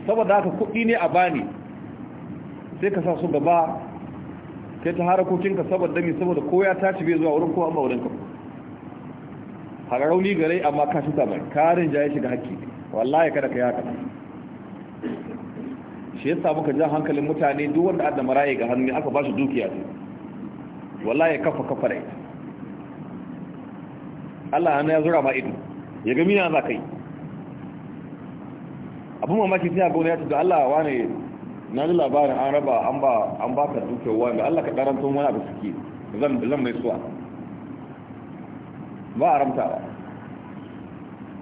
saboda haka kuɗi ne a bani sai ka sa su gaba sai ta harakokinka saboda mai saboda ko ya tashi bai zuwa wurin ko amma wurin ka hararauni gare amma ka shi mai karin ja ya shiga hakki wallahi kada ka yi haka shi samu ka jan hankalin mutane duk wanda adda maraye ga hannu aka ba shi dukiya ce wallahi kafa kafa rai Allah hannu ya zura ma ido ya gami na za ka yi abin mamaki sai a gona ya tuta da Allah wane na ji labarin an raba an ba an ba ka dukiyar wani Allah ka karanta wani abu suke zan zan mai suwa ba a ramtawa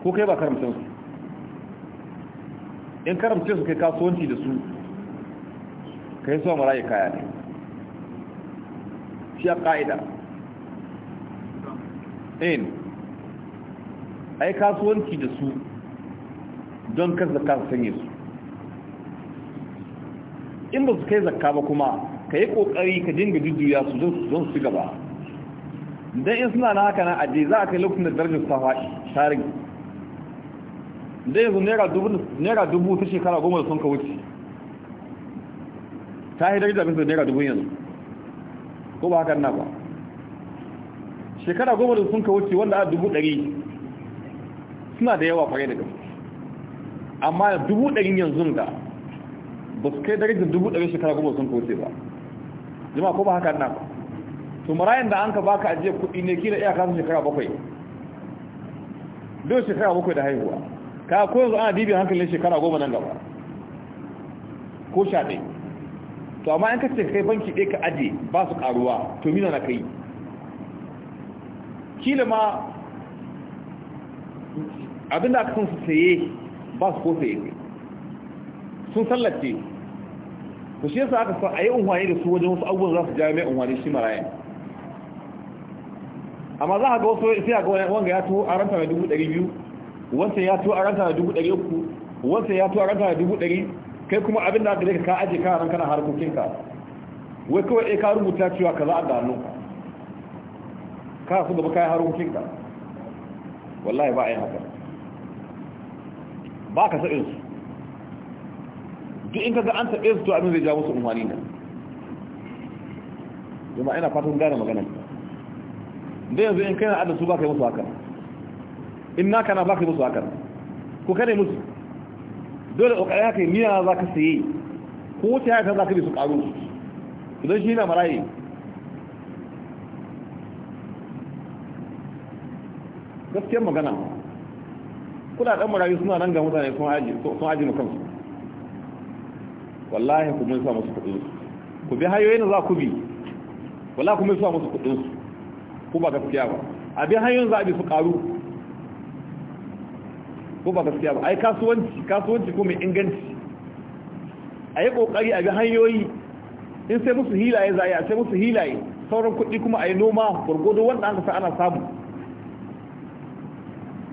ko kai ba karamcin su in karamcin su kai kasuwanci da su kai yi suwa marayi kaya ne shi a ƙa'ida in ai kasuwanci da su don kasa kasa sanye su in ba su kai zakka ba kuma ka yi kokari ka dinga jujjuya su don su gaba dan in suna na haka na aje za a kai lokacin da darajar ta faɗi ta rage da yanzu naira dubu ta shekara goma da sun ka wuce ta yi darajar bisa naira dubu yanzu ko ba haka na ba shekara goma da sun ka wuce wanda a dubu ɗari suna da yawa fare da gaske amma dubu ɗari yanzu da ba su kai darajar dubu ɗari shekara goma sun kawo ba jama'a ko ba haka na ba to marayan da an ka baka ajiyar kuɗi ne kila iya kasu shekara bakwai don shekara bakwai da haihuwa ka ko yanzu ana dibiyar hankalin shekara goma nan gaba ko sha ɗai to amma in ka ce kai banki ɗaya ka aje ba su ƙaruwa to mina na kai kila ma abinda aka san su saye ba su ko saye kai sun sallace ku shi yasa aka sa a yi unwani da su wajen wasu abubuwan za su ja mai unwani shi marayan amma za a ga wasu sai a ga wanga ya tuwo a ranta na dubu ɗari biyu wasu ya tuwo a ranta na dubu ɗari uku wasu ya tuwo a ranta na dubu ɗari kai kuma abin da aka ka aje kana nan kana ka wai kawai ɗaya eh ka rubuta cewa ka za a gano ka su gaba kayan ka wallahi ba a yi haka ba ka su. duk in kaga an taɓe su to abin zai ja musu umarni nan kuma ina fatan gane magana da yanzu in kai na adda ba kai musu haka in naka na ba kai musu haka ko kane musu dole ƙoƙari haka yi miya za ka saye ko wuce haka za ka bi su ƙaru don shi na marayi gaskiyar magana kudaden marayu suna nan ga mutane sun aji sun aji kansu wallahi ku mun sa musu kudin su ku bi hayoyin za ku bi wallahi ku mun sa musu kudin su ku ba gaskiya ba a bi hanyoyin za a bi su karu ko ba gaskiya ba ai kasuwanci kasuwanci ko mai inganci a yi kokari a bi hanyoyi in sai musu hilaye za a yi a sai musu hilaye sauran kuɗi kuma a yi noma gurgudu wanda an sa ana samu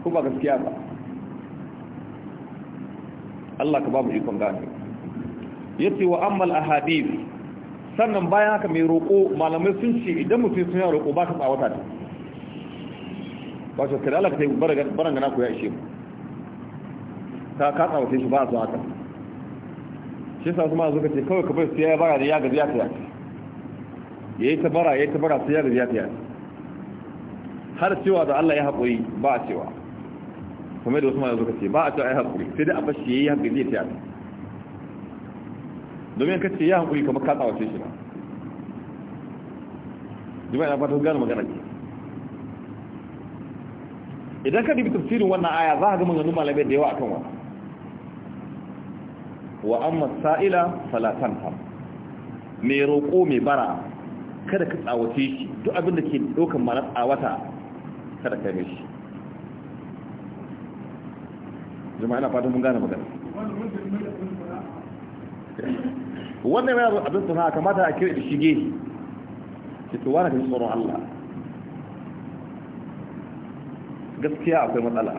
ko ba gaskiya ba Allah ka ba mu ikon gane yace wa ammal ahadith sannan bayan haka mai roƙo malamai sun ce idan mutum sun yi roƙo ba ka tsawata ta ba shi kira alaka ta yi baran gana ku ya ishe mu ta ka tsawata shi ba a tsawata shi sa su ma zuka ce kawai kamar sai ya bara ne ya gaji ya ta yaki ya yi ta bara ya yi ta bara sai ya gaji ya ta yaki har cewa da Allah ya haƙuri ba a cewa kuma da wasu ma zuka ce ba a cewa ya haƙuri sai dai a bashi ya yi haƙuri zai ta yaki domin ka ce ya hankuri kamar ka tsawace shi ba jima'i na fata gane magana ke idan ka dubi tafsirin wannan aya za ka ga maganganun malamai da yawa akan wa wa amma sa'ila salatan tanhar mai roƙo mai bara kada ka tsawace shi duk abin da ke ɗaukan mana tsawata kada ka yi shi jama'a ina fatan mun gane magana wannan yana abin sana'a kamata a kira shige shi to wani kan tsoron Allah gaskiya akwai matsala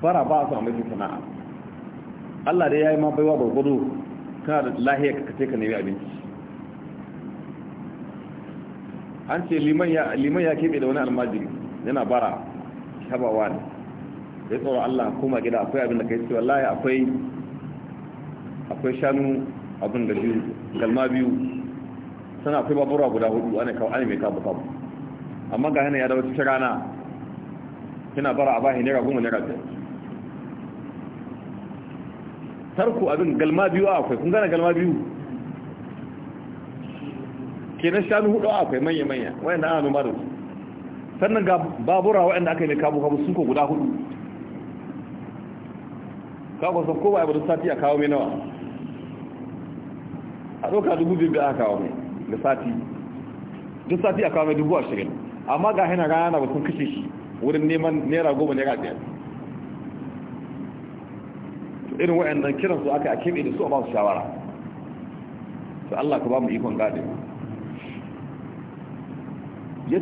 bara ba su amurci mai sana'a Allah dai ya yi mafaiwa baiwa gwargwado kana da lahiya ka kace ka nemi abinci an ce liman ya keɓe da wani almajiri yana bara shabawa ne ya tsoron Allah kuma gida akwai abin da ka yi ce ya akwai akwai shanu abin da biyu galma biyu sana akwai babura guda hudu ana kawo ana mai kabu kabu amma ga hana ya dawo cikin rana yana bara a bahi naira goma naira biyar tarko abin galma biyu akwai kun gana galma biyu kenan shanu hudu akwai manya-manya wayan da ana noma da su sannan ga babura wayanda aka yi mai kabu kabu ko guda hudu kawo san ko ba a yi sati a kawo mai nawa a ɗauka dubu biyu aka kawo mai da sati duk sati a kawo mai dubu ashirin amma ga hina rana na sun kashe shi wurin neman naira goma naira biyar irin wa'annan kiran su aka a keɓe da su a ba su shawara to Allah ka ba mu ikon gade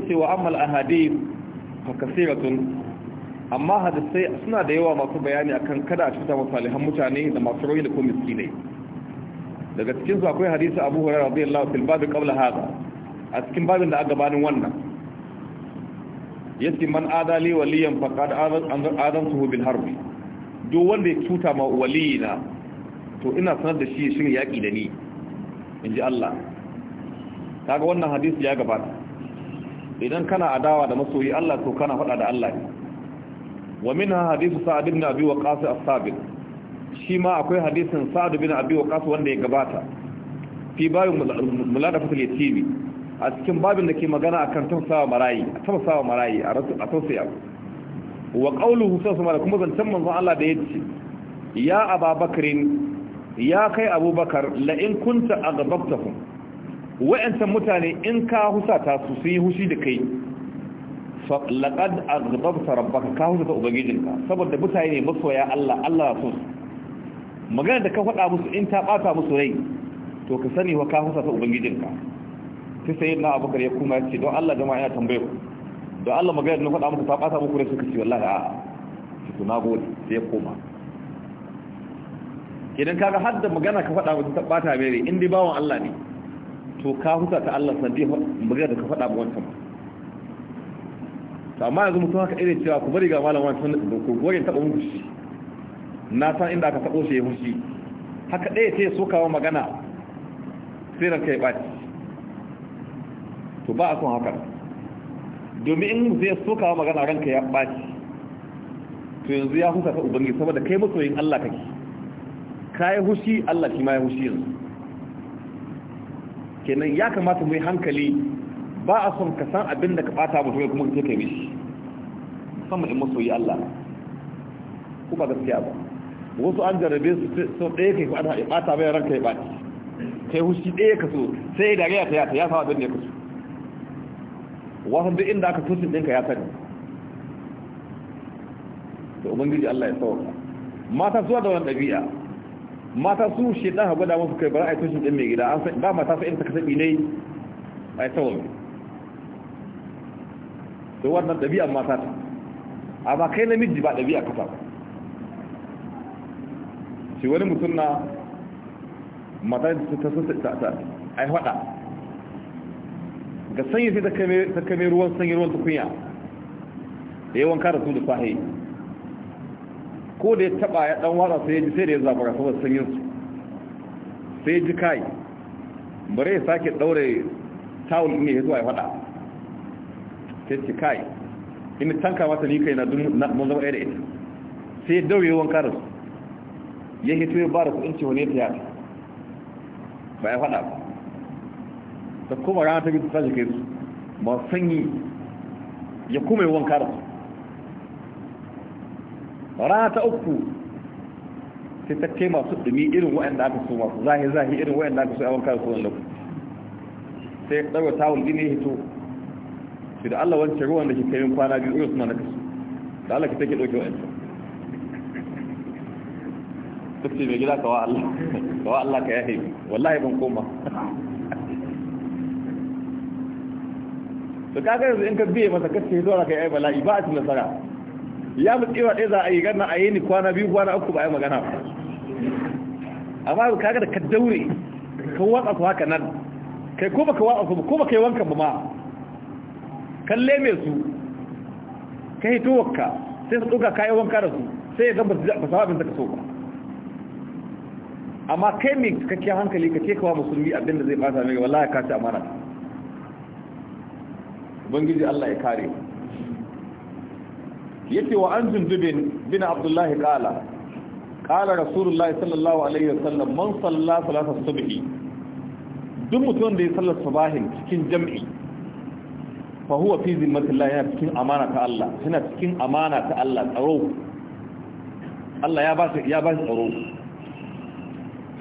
ce wa amma a hade fa kasiratun amma hadisai suna da yawa masu bayani akan kada a cuta masalihan mutane da masu rauni da ko miskinai daga cikin su akwai hadisi Abu Hurairah radiyallahu fil babi qabla hada a cikin babin da aka gabanin wannan yace man adali waliyan faqad adantuhu bil harbi Do wanda ya cuta ma waliyina to ina sanar da shi shirin yaki da ni inji Allah kaga wannan hadisi ya gabata idan kana adawa da masoyi Allah to kana fada da Allah ne wa minha hadithu sa'd ibn abi waqas as-sabit shi ma akwai hadisin sa'adu bin abi waqas wanda ya gabata fi babin muladafatul yatimi a cikin babin da ke magana akan tausawa marayi a tausawa marayi a tausaya wa qawluhu sallallahu alaihi kuma zancan manzon Allah da yace ya ababakar ya kai abubakar la in kunta aghdabtahum anta mutane in ka husata su sun yi hushi da kai Fa laqad aghdabta rabbaka ka husata ubangijinka saboda mutane ne masoya Allah Allah so su magana da ka faɗa musu in ta ɓata musu rai to ka sani wa ka husa ta ubangijinka ta sayi na abubakar ya kuma ce don Allah jama'a yana tambaye ku don Allah magana da na faɗa musu ta ɓata muku rai suka ce wallahi a'a su su na gode sai ya koma idan kaga har da magana ka faɗa musu ta ɓata mai rai in dai bawan Allah ne to ka husa ta Allah sandi magana da ka faɗa mu wancan to amma yanzu mutum haka irin cewa ku bari ga malam wancan ku gore taɓa muku shi na san inda aka taɓo shi ya hushi haka ɗaya ce so kawo magana sai ranka ya ɓaci to ba a son haka domin in zai so kawo magana ranka ya ɓaci to yanzu ya husa ta ubangi saboda kai masoyin Allah kake ka yi hushi Allah shi ma ya hushi yanzu kenan ya kamata mu yi hankali ba a son ka san abin da ka ɓata mutum ya kuma ka yi mishi sama in masoyi Allah ku ba gaskiya ba wasu an jarabe su sau ɗaya kai fata ya ɓata bayan ranka ya ɓaci kai hushi ɗaya ka so sai ya dariya ta yata ya sa abin ne ka so wasan duk inda aka tushin ɗinka ya sani da ubangiji Allah ya sauka mata zuwa da wani ɗabi'a mata su shi ɗan hagu da musu kai bara a yi tushin ɗin mai gida ba mata sa'in ta kasaɓi ne a yi sauwa da wannan ɗabi'an mata ta amma kai namiji ba ɗabi'a kasa ba ce wani mutum na su ta sassa ta, ai hada ga sanyi sai ta kame ruwan sanyi ruwan tukunya da yawan kara su da sahi ko da ya taba ya dan wada sai ya ji sai da ya zafara saboda sanyin su sai ya ji kai bare ya sake daure tawul ne ya zuwa ya hada sai ce kai ina tanka mata ni kai na dun mun zama ɗaya da ita sai ya dauye yawan kara su ya hito ya bada kudin cewa ne ta yata ba ya faɗa ba ta kuma rana ta bisa shi kai su ba sanyi ya kuma yi wanka da su rana ta uku sai ta kai masu dumi irin wa'anda aka so masu zahi zahi irin wa'anda aka so a wanka da su wani sai ya ɗaura tawul ɗin ya hito sai da Allah wancan ruwan da ke kayan kwana biyu irin suna na kasu da Allah ka take ɗauke waɗancan duk ce mai gida kawa Allah kawa Allah ka yahi wallahi ban koma to kaga yanzu in ka biye masa kace zuwa kai ai bala'i ba a cikin nasara ya mu tsewa dai za a yi ganna a yi ni kwana biyu kwana uku ba ai magana ba amma kaga da ka daure ka watsa ku haka nan kai ko baka watsa ku ko baka yi wankan ba ma kalle me su kai to wakka sai su duka kai wanka da su sai ya ga ba su da sa da ka so ba amma kai mai cikakken hankali ka tekawa musulmi abinda zai fata mai wallahi ka ci amana ubangiji Allah ya kare yace wa an jundubin bin abdullah qala qala rasulullah sallallahu alaihi wasallam man salla salat subhi duk mutum da ya sallar subahin cikin jam'i fa huwa fi zimmatillah yana cikin amana ta Allah yana cikin amana ta Allah tsaro Allah ya ba shi ya ba shi tsaro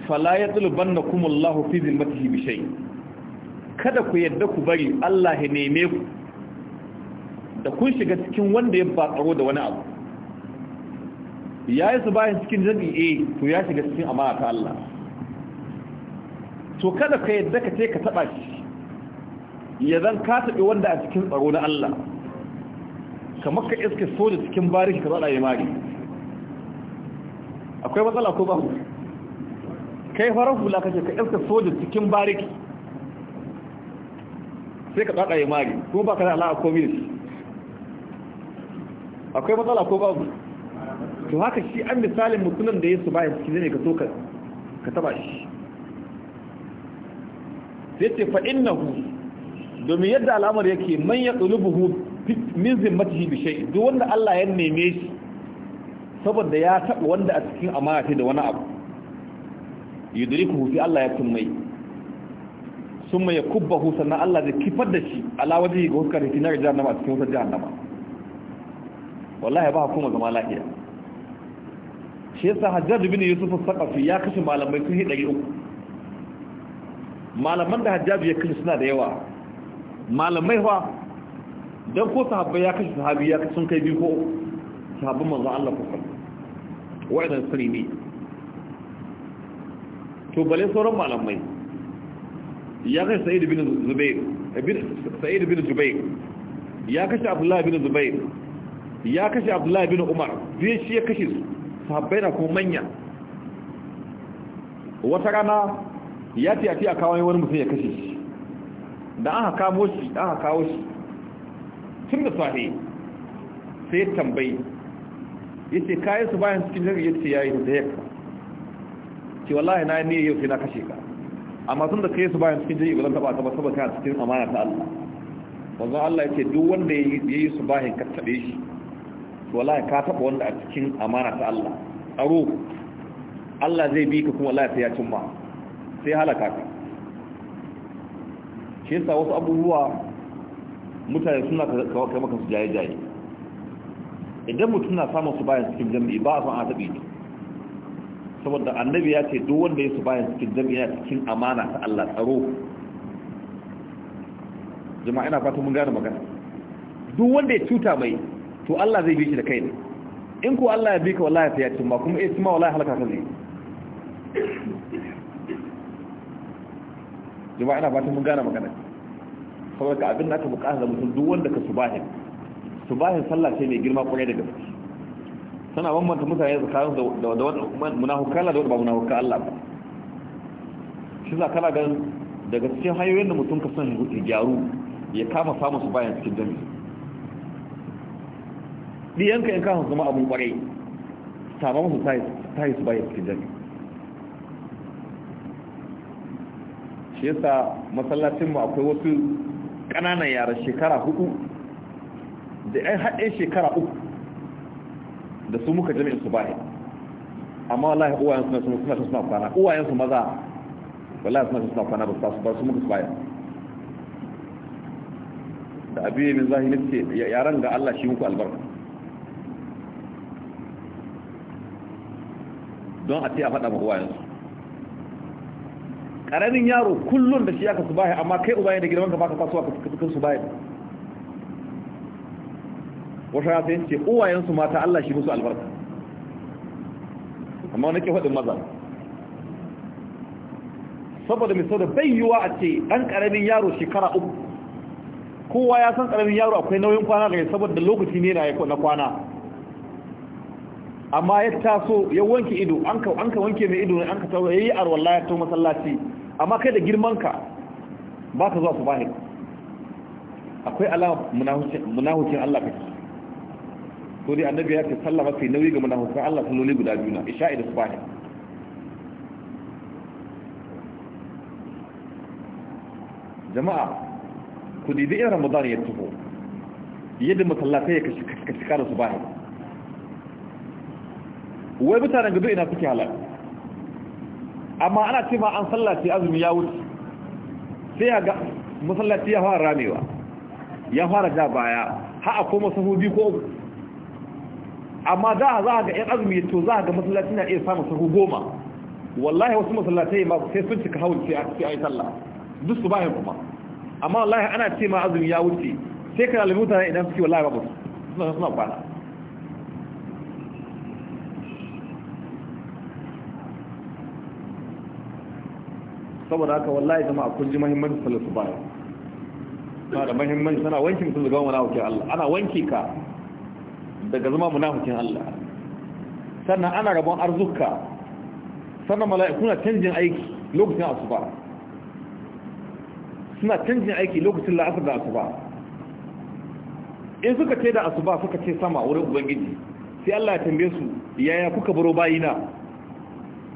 fala ya tsuluban na kuma Allah fi zimmatihi bishai kada ku yadda ku bari Allah ya neme ku da kun shiga cikin wanda ya ba tsaro da wani abu ya yi su bayan cikin jami'e eh, to ya shiga cikin amana ta Allah to kada ka yadda ka ce ka taɓa shi ya zan ka taɓi wanda a cikin tsaro na Allah kamar ka iske soja cikin barishi ka zaɗa ya mari akwai matsala ko ba kai farar hula kake ka iska soja cikin bariki sai ka tsakaye ya mari kuma ba ka da ala'a ko da akwai matsala ko babu to haka shi an misalin mutunan da ya bayan cikin ne ka so ka taba shi sai ce na hu domin yadda al'amar yake man ya tsulubuhu min zimmatihi bi shay duk wanda Allah ya neme shi saboda ya taɓa wanda a cikin amana da wani abu yudrikuhu fi Allah ya tummai summa yakubbahu sannan Allah zai kifar da shi ala waje ga huskar hitina ga jahannama a cikin wutar jahannama wallahi ba kuma zama lafiya shi yasa hajjar bin yusuf saqafi ya kashe malamai sun yi uku. malaman da hajjabi ya kashe suna da yawa malamai fa dan ko sahabbai ya kashe sahabi ya sun kai biyu ko sahabban manzon Allah ko wa'adan sirri ne to bale sauran malamai ya kashe sa'id bin zubair sa'id bin zubair ya kashe Abdullahi bin zubair ya kashe Abdullahi bin umar zai shi ya kashe su sahabbai na kuma manya wata rana ya ce a ce a kawo wani mutum ya kashe shi da aka kamo shi aka kawo shi tun da sahi sai tambayi ya ce kayan su bayan cikin jirgin ya ce ya yi da ya ce wallahi na ne yau sai na kashe ka amma tun da kai su bayan cikin jami'i ba zan taba ka ba saboda cikin amana ta Allah wanzan Allah ce duk wanda ya yi su bayan ka taɓe shi wallahi ka taɓa wanda a cikin amana ta Allah Tsaro, Allah zai bi ka kuma Allah sai ya cimma sai halaka ka shi yasa wasu abubuwa mutane suna kawai maka su jaye-jaye idan mutum na samun su bayan cikin jami'i ba a son a taɓe ne saboda annabi ya ce duk wanda ya su bayan cikin jami'a cikin amana ta Allah tsaro jama'a ina fata mun gane magana duk wanda ya cuta mai to Allah zai bi shi da kai ne in ko Allah ya bi ka wallahi ya cimma kuma ya ma wallahi halaka ka ne. jama'a ina fata mun gane magana saboda abin da aka bukata mutum duk wanda ka subahin subahin sallah sai mai girma kwarai da gaske tana bambanta mutane tsakanin da munafukan Allah da ba munafukan Allah ba shi za kana gan daga cikin hanyoyin da mutum ka son ya gyaru ya kama samun su bayan cikin jami ɗiyanka in kama zama abin kwarai sama musu ta yi su bayan cikin dami shi yasa masallacinmu akwai wasu ƙananan yaran shekara hudu da 'yan haɗe shekara uku da su muka jami'in su bahi amma wallahi uwayen suna suna suna kwana uwayen su maza wallahi suna suna kwana ba su ba su muka su bahi da abin min zahiri ce yaran ga Allah shi muku albarka don a ce a faɗa ma uwayen su ƙaramin yaro kullum da shi aka su bahi amma kai ubayen da girman ka baka kasuwa ka su bahi wata ya yin ce uwayensu mata Allah shi musu albarka amma wani ke faɗin maza saboda mai saboda bai yiwa a ce ɗan ƙaramin yaro shekara uku kowa ya san ƙaramin yaro akwai nauyin kwana gari saboda lokaci ne na kwana amma ya taso ya wanke ido an ka wanke mai ido ne an ka taso ya yi arwallah ya to masallaci amma kai da girmanka ba ka zuwa su ba ne akwai alama munahucin Allah kake ko dai annabi ya ce sallah sai nauyi ga sai Allah salloli guda biyu na isha'i da subahi jama'a ku didi in ramadan ya tuho yadda masallatai ya kashi kara subahi wai mutanen gado ina suke halar amma ana ce ma an sallaci azumi ya wuce sai ya ga masallaci ya fara ramewa ya fara ja baya ha'a a koma sahobi ko amma da za a ga yan azumi to za a ga matsalatin na iya samun sahu goma wallahi wasu masallatai ma sai sun cika hawan sai a ayi sallah duk su bayan kuma amma wallahi ana ce ma azumi ya wuce sai ka lalimi mutane idan suke wallahi babu suna suna kwana saboda haka wallahi jama'a kun ji muhimmancin sallar su bayan tana da muhimmanci wanki wanke mutum daga wani Allah ana wanki ka daga zama munafikin Allah sannan ana rabon arzuka sannan mala'iku na canjin aiki lokacin asuba suna canjin aiki lokacin la'asar da asuba in suka ce da asuba suka ce sama wurin ubangiji sai Allah ya tambaye su yaya kuka baro bayina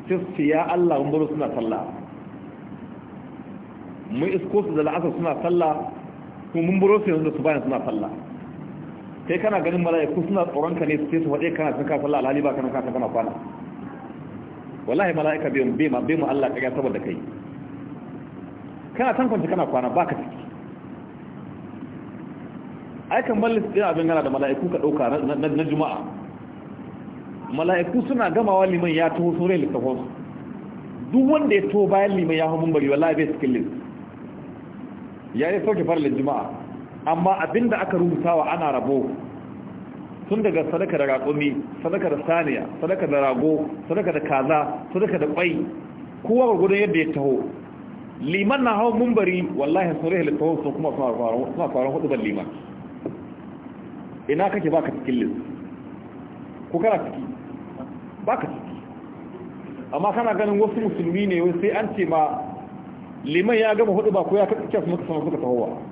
sai su ya Allah mun baro suna sallah mun isko su da la'asar suna sallah kuma mun baro su yanzu da su bayan suna sallah kai kana ganin mala'iku suna tsoron ka ne su ce su faɗe kana sun sallah alhali ba kana kasa kana kwana wallahi mala'ika bai bai ma bai mu Allah kaga saboda kai kana san kwance kana kwana baka ciki ai kan ballis din abin gana da mala'iku ka dauka na juma'a mala'iku suna gamawa liman ya taho sun rai littafin duk wanda ya taho bayan liman ya hau mun bari wallahi bai cikin list ya yi sauke fara juma'a amma abinda aka rubutawa ana rabo tun daga sadaka da raƙumi sadaka da saniya sadaka da rago sadaka da kaza sadaka da kwai kowa gudun yadda ya taho liman na hau mumbari wallahi saurayi littafin sun kuma suna faruwar hudu liman ina kake baka cikin lis ko kana ciki baka ciki amma kana ganin wasu musulmi ne wai sai an ce ma liman ya gama hudu ba ko ya kakkace su muka sama suka tahowa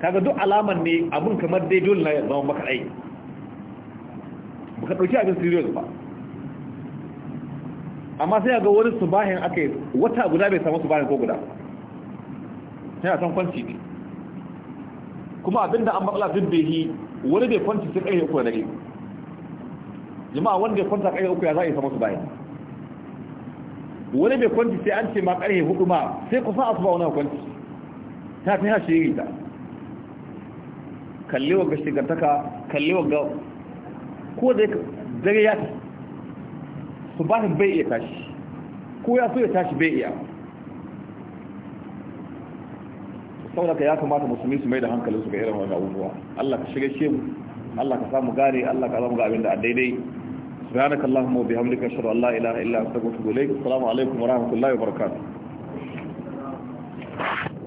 kaga duk alaman ne abin kamar dai dole na zama maka aiki baka ɗauki abin serious ba amma sai ga wani subahin aka yi wata guda bai samu subahin ko guda a son kwanci ne kuma abinda an matsala duk bai yi wani bai kwanci sai ƙarfe uku da dare jama'a wanda ya kwanta ƙarfe uku ya za a yi samu subahin wani bai kwanci sai an ce ma ƙarfe hudu ma sai kusa asuba wani kwanci ta fi hashe yi ta kalli wa shigartaka kalli wa ga ko da dare ya su ba ta bai iya tashi ko ya so ya tashi bai iya saboda ka ya kamata musulmi su mai da hankalin su ga irin wani abubuwa Allah ka shiga shi mu Allah ka samu gane Allah ka samu ga abin da daidai subhanaka allahumma wa bihamdika ashhadu an la ilaha ila anta astaghfiruka wa atubu ilayk alaikum wa rahmatullahi wa barakatuh